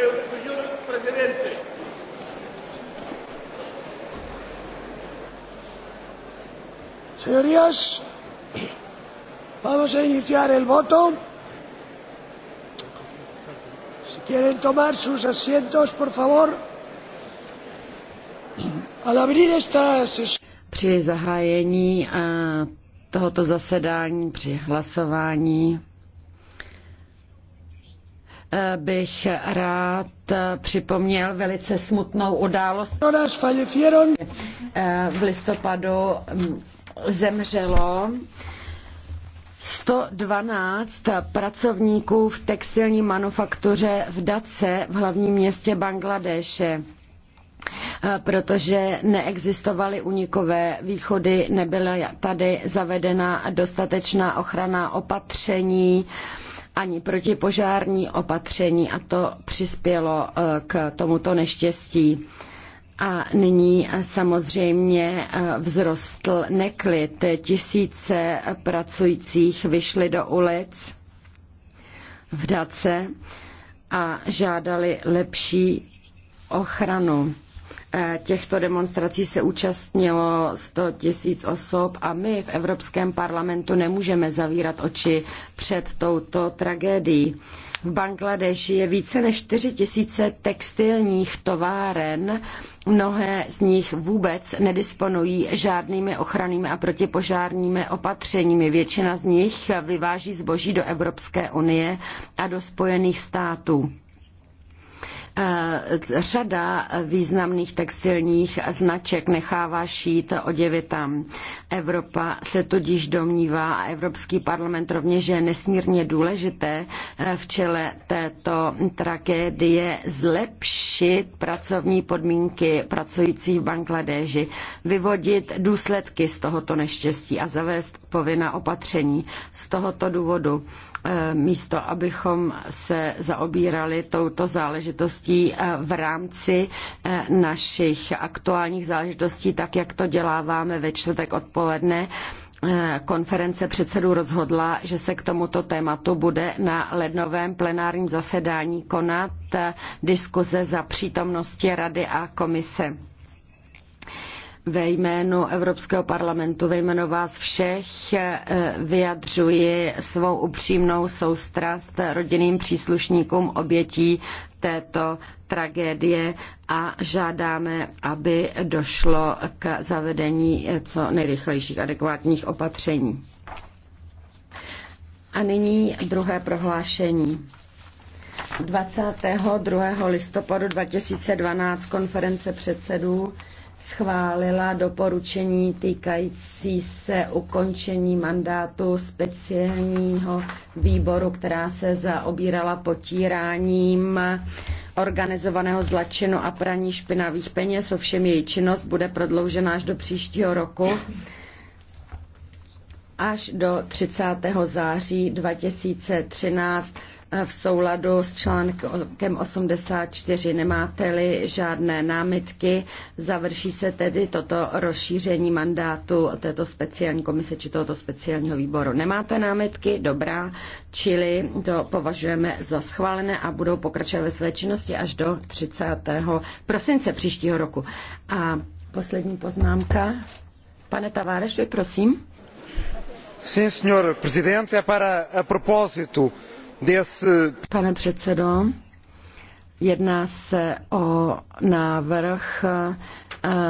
Señor presidente. Señorías, vamos a iniciar el voto. Si quieren tomar sus asientos, por favor. Al abrir esta sesión. Při zahájení eh, tohoto zasedání, při hlasování, bych rád připomněl velice smutnou událost. Eh, v listopadu mm, zemřelo 112 pracovníků v textilní manufaktuře v Dace v hlavním městě Bangladeše eh, protože neexistovaly unikové východy, nebyla tady zavedena dostatečná ochrana opatření ani protipožární opatření a to přispělo eh, k tomuto neštěstí. A nyní eh, samozřejmě eh, vzrostl neklid. Tisíce pracujících vyšly do ulic v Dace a žádali lepší ochranu. Eh, těchto demonstrací se účastnilo 100 tisíc osob a my v Evropském parlamentu nemůžeme zavírat oči před touto tragédií. V Bangladeši je více než 4 tisíce textilních továren, mnohé z nich vůbec nedisponují žádnými ochrannými a protipožárními opatřeními. Většina z nich vyváží zboží do Evropské unie a do Spojených států. Eh, řada významných textilních značek nechává šít oděvy tam. Evropa se tudíž domnívá a Evropský parlament rovněž je nesmírně důležité eh, v čele této tragédie zlepšit pracovní podmínky pracujících v Bangladeži, vyvodit důsledky z tohoto neštěstí a zavést povinná opatření. Z tohoto důvodu eh, místo, abychom se zaobírali touto záležitostí, záležitostí v rámci eh, našich aktuálních záležitostí, tak jak to děláváme ve čtvrtek odpoledne eh, konference předsedů rozhodla, že se k tomuto tématu bude na lednovém plenárním zasedání konat eh, diskuze za přítomnosti Rady a komise ve jménu Evropského parlamentu, ve jménu vás všech eh, vyjadřuji svou upřímnou soustrast rodinným příslušníkům obětí této tragédie a žádáme, aby došlo k zavedení eh, co nejrychlejších adekvátních opatření. A nyní druhé prohlášení. 22. listopadu 2012 konference předsedů schválila doporučení týkající se ukončení mandátu speciálního výboru, která se zaobírala potíráním organizovaného zlačinu a praní špinavých peněz. Ovšem její činnost bude prodloužena až do příštího roku až do 30. září 2013 eh, v souladu s článkem 84. Nemáte-li žádné námitky, završí se tedy toto rozšíření mandátu této speciální komise či tohoto speciálního výboru. Nemáte námitky? Dobrá, čili to považujeme za schválené a budou pokračovat ve své činnosti až do 30. prosince příštího roku. A poslední poznámka. Pane Tavárešvi, prosím senhor presidente, é para a propósito desse... Pane předsedo, jedná se o návrh eh,